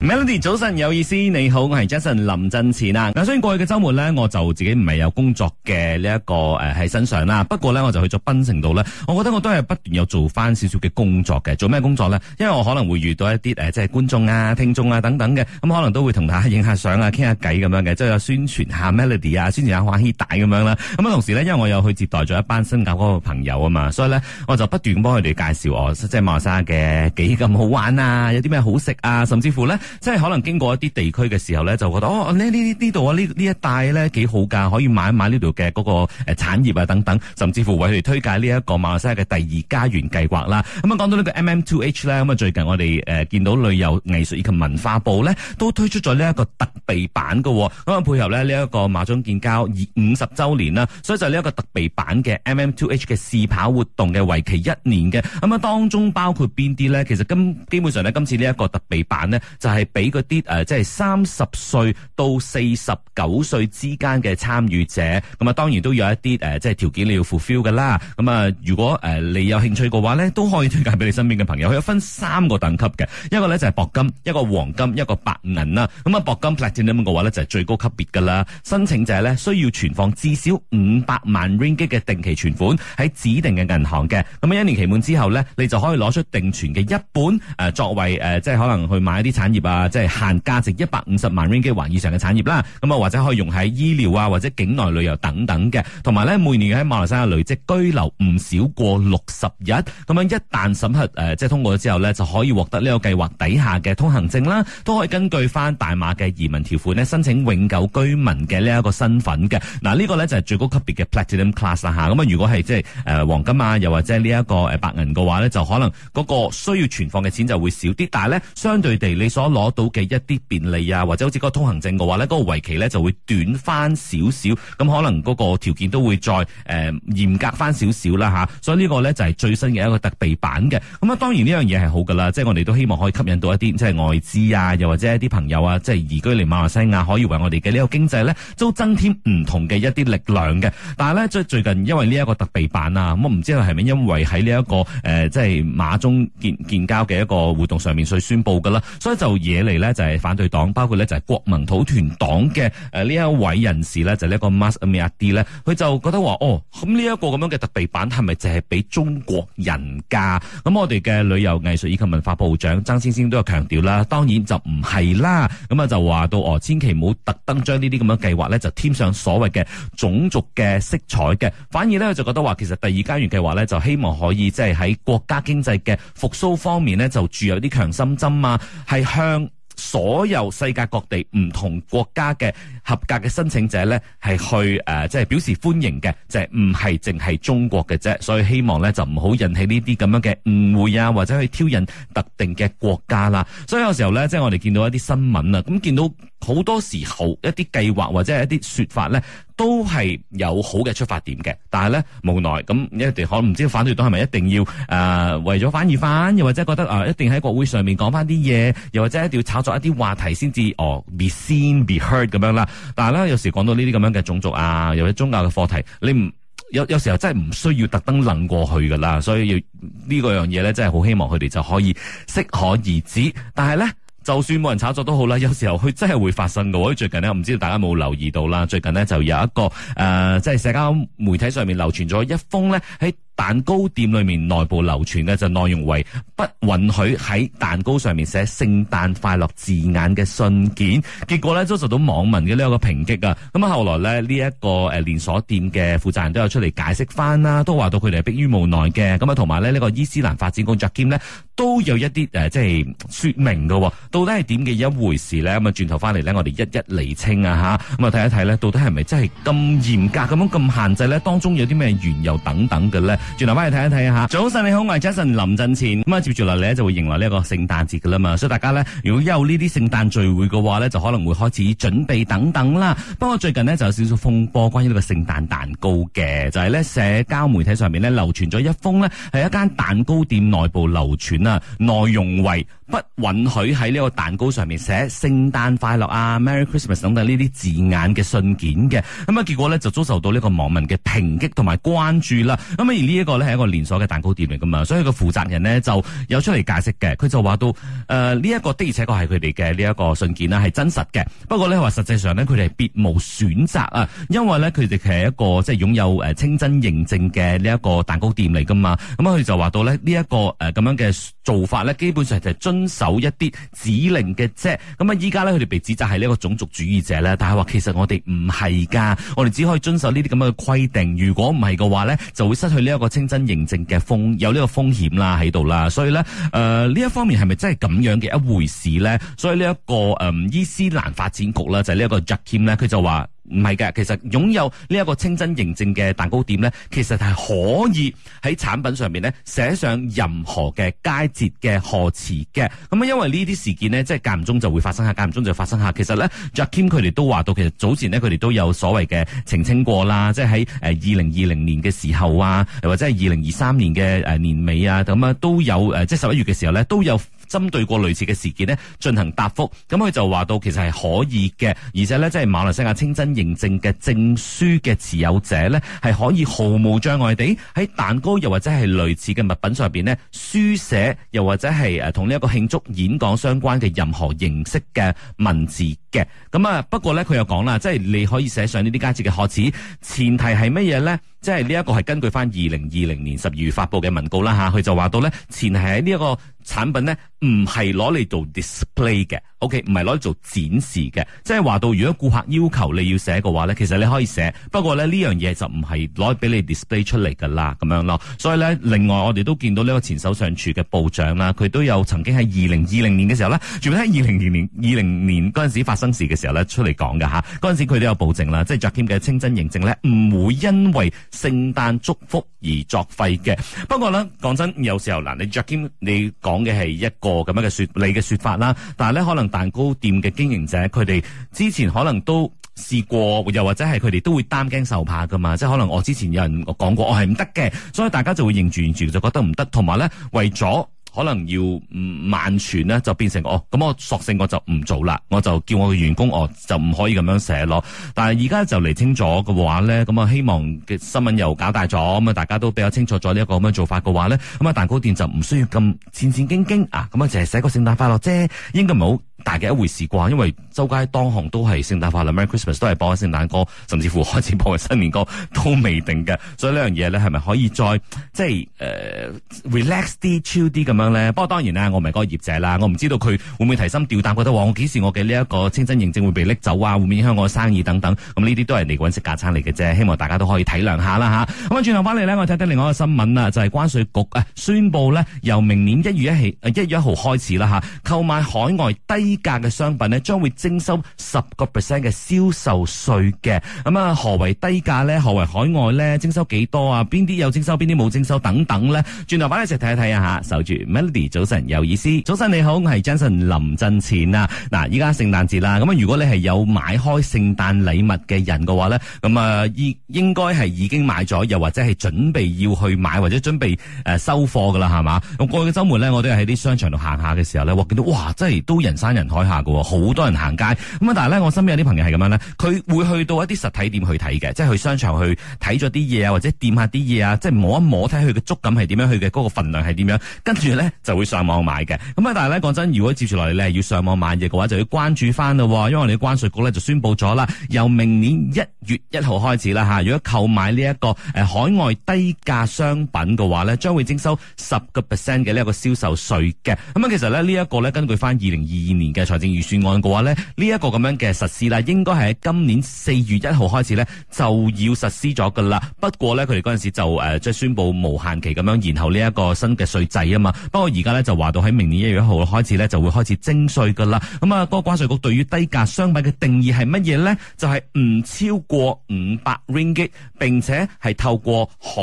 Melody，早晨有意思，你好，我係 Jason 林振前啊。嗱，雖然過去嘅周末咧，我就自己唔係有工作嘅呢一個誒喺、呃、身上啦。不過咧，我就去咗檳城度咧，我覺得我都係不斷有做翻少少嘅工作嘅。做咩工作咧？因為我可能會遇到一啲誒、呃，即係觀眾啊、聽眾啊等等嘅，咁、嗯、可能都會同大家影下相啊、傾下偈咁樣嘅，即係有宣傳下 Melody 啊，宣傳下玩希帶咁樣啦。咁、嗯、同時咧，因為我又去接待咗一班新加坡嘅朋友啊嘛，所以咧，我就不斷咁幫佢哋介紹我即係馬沙嘅幾咁好玩啊，有啲咩好食啊，甚至乎咧～即係可能經過一啲地區嘅時候咧，就覺得哦呢呢呢度啊呢呢一帶咧幾好噶，可以買一買呢度嘅嗰個誒產業啊等等，甚至乎為佢哋推介呢一個馬來西亞嘅第二家園計劃啦。咁、嗯、啊，講到呢個 MM2H 呢，咁啊最近我哋誒、呃、見到旅遊、藝術以及文化部咧都推出咗呢一個特備版嘅，咁、嗯、啊配合咧呢一、這個馬中建交二五十周年啦，所以就係呢一個特備版嘅 MM2H 嘅試跑活動嘅為期一年嘅，咁、嗯、啊當中包括邊啲咧？其實今基本上咧，今次呢一個特備版咧就係、是。係俾嗰啲誒，即係三十歲到四十九歲之間嘅參與者，咁啊當然都有一啲誒，即、啊、係、就是、條件你要 fulfill 噶啦。咁啊，如果誒、啊、你有興趣嘅話咧，都可以推介俾你身邊嘅朋友。佢有分三個等級嘅，一個咧就係、是、鉑金，一個黃金，一個白銀啦。咁啊，鉑金 Platinum 嘅話咧就係、是、最高級別噶啦。申請者咧需要存放至少五百萬 ringgit 嘅定期存款喺指定嘅銀行嘅。咁、啊、一年期滿之後咧，你就可以攞出定存嘅一本誒、啊、作為誒、啊，即係可能去買一啲產業。啊，即係限價值一百五十萬 Ringgit 環以上嘅產業啦，咁啊或者可以用喺醫療啊或者境內旅遊等等嘅，同埋咧每年喺馬來西亞累積居留唔少過六十日，咁樣一旦審核誒即係通過咗之後呢，就可以獲得呢個計劃底下嘅通行證啦，都可以根據翻大馬嘅移民條款咧申請永久居民嘅呢一個身份嘅。嗱呢個呢就係最高級別嘅 Platinum Class 啦嚇，咁啊如果係即係誒黃金啊，又或者呢一個誒白銀嘅話呢，就可能嗰個需要存放嘅錢就會少啲，但係呢，相對地你所攞到嘅一啲便利啊，或者好似嗰通行證嘅話咧，嗰個維期咧就會短翻少少，咁可能嗰個條件都會再誒、呃、嚴格翻少少啦吓，所以呢個咧就係最新嘅一個特備版嘅。咁啊，當然呢樣嘢係好噶啦，即係我哋都希望可以吸引到一啲即係外資啊，又或者一啲朋友啊，即係移居嚟馬來西亞可以為我哋嘅呢個經濟咧都增添唔同嘅一啲力量嘅。但係咧，即係最近因為呢一個特備版啊，我唔知道係咪因為喺呢一個誒即係馬中建建交嘅一個活動上面所以宣布噶啦，所以就。嘢嚟咧就係、是、反對黨，包括咧就係國民土團黨嘅誒呢一位人士咧，就呢、是、個 Masmiadi 咧，佢就覺得話哦，咁呢一個咁樣嘅特別版係咪淨係俾中國人噶咁我哋嘅旅遊藝術以及文化部長曾先生都有強調啦，當然就唔係啦。咁啊就話到哦，千祈唔好特登將呢啲咁樣計劃咧，就添上所謂嘅種族嘅色彩嘅。反而咧佢就覺得話，其實第二家園計劃咧就希望可以即係喺國家經濟嘅復蘇方面咧，就注入啲強心針啊，係向。所有世界各地唔同國家嘅合格嘅申請者呢，係去誒，即係表示歡迎嘅，就係唔係淨係中國嘅啫。所以希望呢，就唔好引起呢啲咁樣嘅誤會啊，或者去挑釁特定嘅國家啦。所以有時候呢，即係我哋見到一啲新聞啊，咁見到。好多時候一啲計劃或者係一啲說法咧都係有好嘅出發點嘅。但係咧無奈咁，一定可能唔知反對黨係咪一定要誒、呃、為咗反而反，又或者覺得誒、呃、一定喺國會上面講翻啲嘢，又或者一定要炒作一啲話題先至哦 be seen be heard 咁樣啦。但係咧有時講到呢啲咁樣嘅種族啊，又或者宗教嘅課題，你唔有有時候真係唔需要特登諗過去噶啦。所以要、這個、呢個樣嘢咧，真係好希望佢哋就可以適可而止。但係咧就算冇人炒作都好啦，有時候佢真係會發生嘅。最近咧，唔知道大家有冇留意到啦。最近咧就有一個誒、呃，即係社交媒體上面流傳咗一封咧喺蛋糕店裏面內部流傳嘅就內、是、容為不允許喺蛋糕上面寫聖誕快樂字眼嘅信件，結果咧遭受到網民嘅呢個抨擊啊！咁啊，後來咧呢一、這個誒連鎖店嘅負責人都有出嚟解釋翻啦，都話到佢哋係迫於無奈嘅，咁啊同埋咧呢、這個伊斯蘭發展工作兼呢，都有一啲誒、呃、即係說明喎。到底係點嘅一回事呢？咁啊轉頭翻嚟呢，我哋一一釐清啊吓，咁啊睇一睇呢，到底係咪真係咁嚴格咁樣咁限制呢？當中有啲咩緣由等等嘅咧？轉頭翻去睇一睇嚇，早晨你好，我係 Jason 林振前。咁啊，接住落嚟咧就會迎來呢一個聖誕節噶啦嘛，所以大家咧，如果有呢啲聖誕聚會嘅話咧，就可能會開始準備等等啦。不過最近呢，就有少少風波，關於呢個聖誕蛋糕嘅，就係、是、咧社交媒體上面咧流傳咗一封呢係一間蛋糕店內部流傳啊，內容為不允許喺呢個蛋糕上面寫聖誕快樂啊、Merry Christmas 等等呢啲字眼嘅信件嘅。咁啊，結果咧就遭受到呢個網民嘅抨擊同埋關注啦。咁而呢、這個、～呢個咧係一個連鎖嘅蛋糕店嚟噶嘛，所以個負責人呢就有出嚟解釋嘅，佢就話到誒呢一個的而且確係佢哋嘅呢一個信件啦，係真實嘅。不過咧話實際上呢，佢哋係別無選擇啊，因為呢，佢哋係一個即係擁有誒清真認證嘅呢一個蛋糕店嚟噶嘛。咁佢就話到呢、這、一個誒咁、呃、樣嘅做法呢，基本上就係遵守一啲指令嘅啫。咁啊依家咧佢哋被指責係呢一個種族主義者呢。但係話其實我哋唔係㗎，我哋只可以遵守呢啲咁樣嘅規定。如果唔係嘅話呢，就會失去呢、這、一個。清真認證嘅風有呢個風險啦喺度啦，所以咧誒呢一方面係咪真係咁樣嘅一回事咧？所以呢、這、一個誒、嗯、伊斯蘭發展局咧，就係呢一個 JAKIM 咧，佢就話。唔係嘅，其實擁有呢一個清真認證嘅蛋糕店咧，其實係可以喺產品上面咧寫上任何嘅佳節嘅賀詞嘅。咁啊，因為呢啲事件呢，即係間唔中就會發生下，間唔中就會發生下。其實咧，Jack Kim 佢哋都話到，其實早前呢，佢哋都有所謂嘅澄清過啦，即係喺誒二零二零年嘅時候啊，或者係二零二三年嘅誒年尾啊，咁啊都有誒，即係十一月嘅時候咧都有，針對過類似嘅事件呢，進行答覆，咁佢就話到其實係可以嘅，而且呢，即係馬來西亞清真認證嘅證書嘅持有者呢，係可以毫無障礙地喺蛋糕又或者係類似嘅物品上面呢，書寫又或者係同呢一個慶祝演講相關嘅任何形式嘅文字嘅，咁啊不過呢，佢又講啦，即係你可以寫上呢啲佳節嘅賀詞，前提係乜嘢呢？即係呢一個係根據翻二零二零年十二月發布嘅文告啦吓，佢、啊、就話到呢，前係呢一個產品呢，唔係攞嚟做 display 嘅，OK，唔係攞嚟做展示嘅，即係話到如果顧客要求你要寫嘅話呢，其實你可以寫，不過呢呢樣嘢就唔係攞俾你 display 出嚟噶啦，咁樣咯。所以呢，另外我哋都見到呢個前首相署嘅部長啦，佢都有曾經喺二零二零年嘅時候呢，仲喺二零二年、二零年嗰陣時發生事嘅時候呢，出嚟講㗎。吓，嗰陣時佢都有保證啦，即係 Jakim 嘅清真認證呢，唔會因為。聖誕祝福而作廢嘅，不過咧講真，有時候嗱，你 Jacky，你講嘅係一個咁樣嘅說，你嘅說法啦，但係咧可能蛋糕店嘅經營者佢哋之前可能都試過，又或者係佢哋都會擔驚受怕㗎嘛，即係可能我之前有人講過，我係唔得嘅，所以大家就會認住認住，就覺得唔得，同埋咧為咗。可能要唔萬全咧，就變成哦，咁我索性我就唔做啦，我就叫我嘅員工哦，就唔可以咁樣寫咯。但係而家就厘清楚嘅話咧，咁啊希望嘅新聞又搞大咗，咁啊大家都比較清楚咗呢一個咁樣做法嘅話咧，咁啊蛋糕店就唔需要咁戰戰兢兢啊，咁啊淨係寫個聖誕快樂啫，應該冇。大嘅一回事啩，因為周街當行都係聖誕快樂，Merry Christmas 都係播聖誕歌，甚至乎開始播嘅新年歌都未定嘅，所以呢樣嘢咧係咪可以再即係誒、呃、relax 啲、chill 啲咁樣咧？不過當然啦，我唔係個業者啦，我唔知道佢會唔會提心吊膽，覺得話我幾時我嘅呢一個清真認證會被拎走啊，會唔會影響我嘅生意等等。咁呢啲都係嚟搵食架餐嚟嘅啫，希望大家都可以體諒下啦吓。咁啊，轉頭翻嚟咧，我睇睇另外一個新聞啦，就係關稅局啊宣布咧，由明年一月一起一月一號開始啦吓，購買海外低。低價嘅商品咧，將會徵收十個 percent 嘅銷售稅嘅。咁啊，何為低價呢？何為海外呢？徵收幾多啊？邊啲有徵收，邊啲冇徵收等等呢？轉頭翻嚟一齊睇一睇啊！守住 Melody，早晨有意思。早晨你好，我係 Jason 林振前啊。嗱，依家聖誕節啦，咁啊，如果你係有買開聖誕禮物嘅人嘅話呢，咁啊，應應該係已經買咗，又或者係準備要去買，或者準備誒收貨噶啦，係嘛？我過去嘅週末呢，我都係喺啲商場度行下嘅時候呢，哇，見到哇，真係都人山人海下嘅，好多人行街咁啊！但係咧，我身邊有啲朋友係咁樣咧，佢會去到一啲實體店去睇嘅，即係去商場去睇咗啲嘢啊，或者掂下啲嘢啊，即係摸一摸睇佢嘅觸感係點樣，佢嘅嗰個分量係點樣，跟住咧就會上網買嘅。咁啊，但係咧講真，如果接住落嚟咧要上網買嘢嘅話，就要關注翻咯，因為我哋嘅關稅局咧就宣布咗啦，由明年一月一號開始啦吓，如果購買呢一個誒海外低價商品嘅話咧，將會徵收十個 percent 嘅呢一個銷售稅嘅。咁啊，其實咧呢一個咧根據翻二零二二年。嘅財政預算案嘅話咧，呢一個咁樣嘅實施啦，應該係喺今年四月一號開始咧，就要實施咗噶啦。不過咧，佢哋嗰陣時就誒即係宣布無限期咁樣然後呢一個新嘅稅制啊嘛。不過而家咧就話到喺明年一月一號開始咧就會開始徵稅噶啦。咁啊，嗰個關稅局對於低價商品嘅定義係乜嘢咧？就係唔超過五百 ringgit，並且係透過海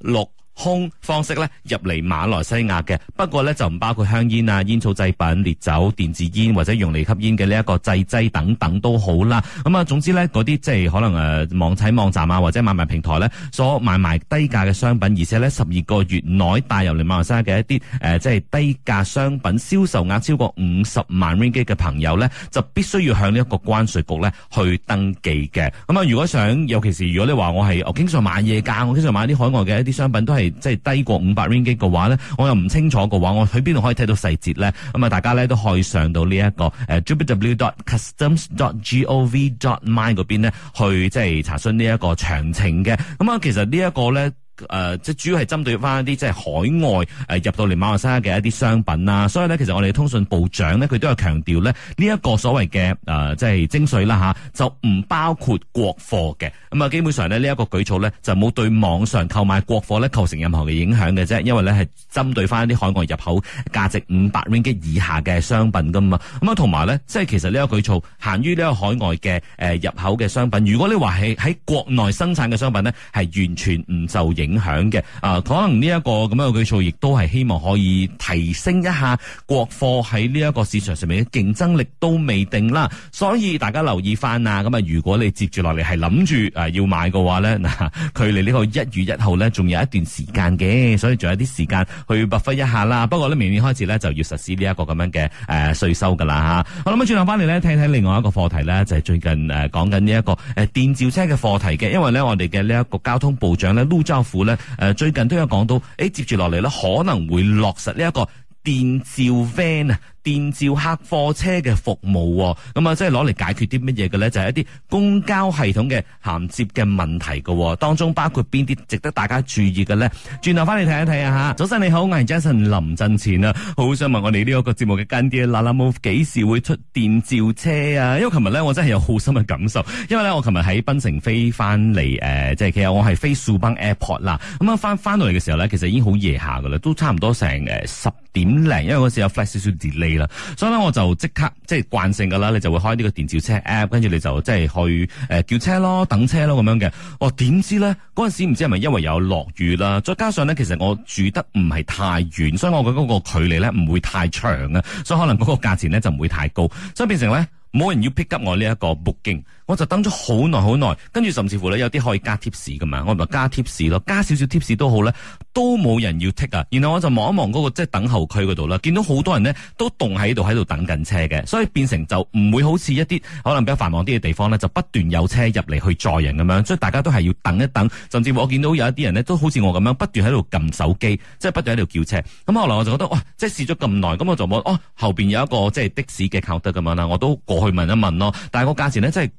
陸空方式咧入嚟馬來西亞嘅，不過咧就唔包括香煙啊、煙草製品、烈酒、電子煙或者用嚟吸煙嘅呢一個製劑等等都好啦。咁、嗯、啊，總之咧嗰啲即係可能誒、呃、網睇網站啊或者買賣平台咧所買賣低價嘅商品，而且咧十二個月內帶入嚟馬來西亞嘅一啲誒即係低價商品，銷售額超過五十萬 Ringgit 嘅朋友咧，就必須要向呢一個關稅局咧去登記嘅。咁、嗯、啊，如果想尤其是如果你話我係我經常買嘢噶，我經常買啲海外嘅一啲商品都係。即係低過五百 ringgit 嘅話咧，我又唔清楚嘅話，我喺邊度可以睇到細節咧？咁啊，大家咧都可以上到呢一個誒，www.customs.gov.my 嗰邊咧，去即係查詢呢一個詳情嘅。咁啊，其實呢一個咧。誒、呃，即係主要係針對翻一啲即係海外誒、呃、入到嚟馬來西亞嘅一啲商品啦、啊，所以咧，其實我哋通訊部長咧，佢都有強調咧，呢、這、一個所謂嘅誒即係徵稅啦吓、啊，就唔包括國貨嘅。咁、嗯、啊，基本上咧呢一、這個舉措咧就冇對網上購買國貨咧構成任何嘅影響嘅啫，因為咧係針對翻一啲海外入口價值五百蚊以下嘅商品噶嘛。咁、嗯、啊，同埋咧即係其實呢個舉措限於呢個海外嘅誒、呃、入口嘅商品。如果你話係喺國內生產嘅商品咧，係完全唔受影響嘅啊，可能呢一個咁樣嘅舉措，亦都係希望可以提升一下國貨喺呢一個市場上面嘅競爭力，都未定啦。所以大家留意翻啊，咁啊，如果你接住落嚟係諗住要買嘅話、啊、距離1 1呢，嗱，距離呢個一月一號呢，仲有一段時間嘅，所以仲有啲時間去發揮一下啦。不過呢，明年開始呢，就要實施呢一個咁樣嘅誒稅收噶啦吓。好啦，咁，轉頭翻嚟呢，睇睇另外一個課題呢，就係、是、最近誒講緊呢一個誒、啊、電召車嘅課題嘅，因為呢，我哋嘅呢一個交通部長呢咧，誒最近都有講到，誒、欸、接住落嚟咧可能會落實呢一個電召 van 啊。電召客貨車嘅服務，哦，咁、嗯、啊，即係攞嚟解決啲乜嘢嘅咧？就係、是、一啲公交系統嘅銜接嘅問題嘅，哦，當中包括邊啲值得大家注意嘅咧？轉頭翻嚟睇一睇啊！吓，早晨你好，我係 Jason 林振前啊，好想問我哋呢一個節目嘅跟啲，Lalamove 幾時會出電召車啊？因為琴日咧，我真係有好深嘅感受，因為咧，我琴日喺檳城飛翻嚟，誒、呃，即係其實我係飛 Subang Airport 啦，咁、嗯、啊，翻翻到嚟嘅時候咧，其實已經好夜下㗎啦，都差唔多成誒十、呃、點零，因為嗰時有 flight 少少 delay。所以咧，我就即刻即係慣性噶啦，你就會開呢個電召車 app，跟住你就即係去誒叫車咯，等車咯咁樣嘅。我、哦、點知咧嗰陣時唔知係咪因為有落雨啦？再加上咧，其實我住得唔係太遠，所以我嘅嗰個距離咧唔會太長啊，所以可能嗰個價錢咧就唔會太高，所以變成咧冇人要 pick up 我呢一個 booking。我就等咗好耐好耐，跟住甚至乎咧有啲可以加 tips 嘅嘛，我咪加 tips 咯，加少少 tips 都好咧，都冇人要 take 啊。然後我就望一望嗰個即係等候區嗰度啦，見到好多人咧都凍喺度喺度等緊車嘅，所以變成就唔會好似一啲可能比較繁忙啲嘅地方咧，就不斷有車入嚟去載人咁樣。所以大家都係要等一等，甚至乎我見到有一啲人咧都好似我咁樣不斷喺度撳手機，即係不斷喺度叫車。咁後來我就覺得哇，即係試咗咁耐，咁我就望哦後邊有一個即係的士嘅靠得咁樣啦，我都過去問一問咯。但係個價錢咧即係。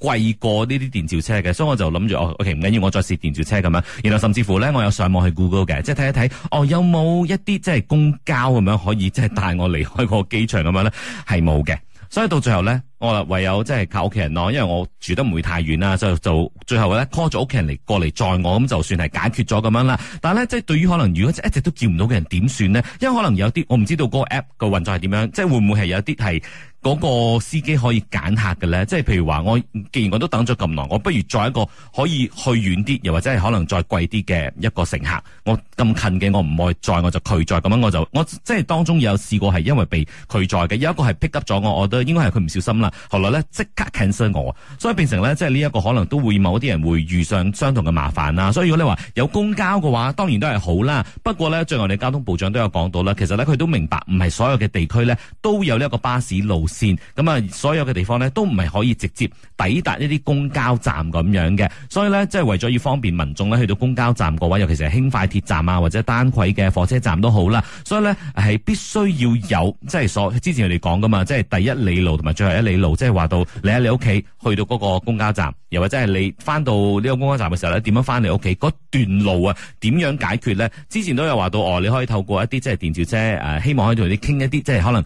貴過呢啲電召車嘅，所以我就諗住哦，OK 唔緊要，我再試電召車咁樣。然後甚至乎咧，我有上網去 Google 嘅，即係睇一睇哦，有冇一啲即係公交咁樣可以即係帶我離開個機場咁樣咧，係冇嘅。所以到最後咧。我話唯有即係靠屋企人囉，因為我住得唔會太遠啦，就就最後咧 call 咗屋企人嚟過嚟載我，咁就算係解決咗咁樣啦。但係咧，即係對於可能如果一直都叫唔到嘅人點算呢？因為可能有啲我唔知道嗰個 app 個運作係點樣，即係會唔會係有啲係嗰個司機可以揀客嘅咧？即係譬如話我既然我都等咗咁耐，我不如再一個可以去遠啲，又或者係可能再貴啲嘅一個乘客，我咁近嘅我唔愛載我就拒載咁樣，我就我即係當中有試過係因為被拒載嘅，有一個係 pick up 咗我，我都應該係佢唔小心啦。後來咧即刻 cancel 我，所以變成咧即係呢一個可能都會某啲人會遇上相同嘅麻煩啦。所以如果你話有公交嘅話，當然都係好啦。不過咧，最後我哋交通部長都有講到啦，其實咧佢都明白，唔係所有嘅地區咧都有呢一個巴士路線。咁啊，所有嘅地方咧都唔係可以直接抵達呢啲公交站咁樣嘅。所以咧，即係為咗要方便民眾咧去到公交站嘅話，尤其是輕快鐵站啊，或者單軌嘅火車站都好啦。所以咧係必須要有，即係所之前佢哋講噶嘛，即係第一里路同埋最後一里路。路即係話到你喺你屋企去到嗰個公交站，又或者係你翻到呢個公交站嘅時候咧，點樣翻你屋企嗰段路啊，點樣解決咧？之前都有話到，哦，你可以透過一啲即係電召車，誒、啊，希望可以同你傾一啲，即係可能。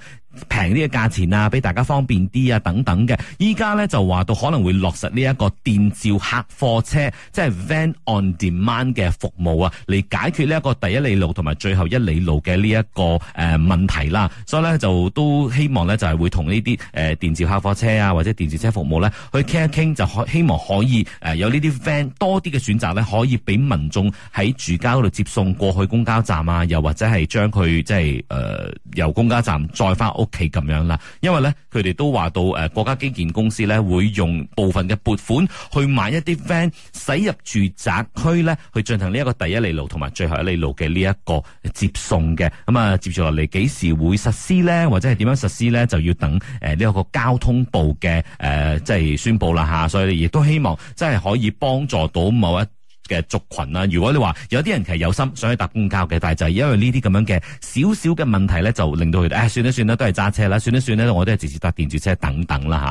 平啲嘅價錢啊，俾大家方便啲啊，等等嘅。依家咧就話到可能會落實呢一個電召客貨車，即係 van on demand 嘅服務啊，嚟解決呢一個第一里路同埋最後一里路嘅呢一個誒問題啦。所以咧就都希望咧就係會同呢啲誒電召客貨車啊，或者電召車服務咧去傾一傾，就可希望可以誒有呢啲 van 多啲嘅選擇咧，可以俾民眾喺住家嗰度接送過去公交站啊，又或者係將佢即係誒由公交站再翻屋企咁樣啦，因為咧佢哋都話到誒、呃，國家基建公司咧會用部分嘅撥款去買一啲 van 駛入住宅區咧，去進行呢一個第一哩路同埋最後一哩路嘅呢一個接送嘅。咁、嗯、啊，接住落嚟幾時會實施咧，或者係點樣實施咧，就要等誒呢一個交通部嘅誒即係宣佈啦吓。所以亦都希望真係可以幫助到某一嘅族群啦，如果你話有啲人其實有心想去搭公交嘅，但係就係因為呢啲咁樣嘅小小嘅問題咧，就令到佢哋誒，算啦算啦，都係揸車啦，算啦算啦，我都係直接搭電召車等等啦吓。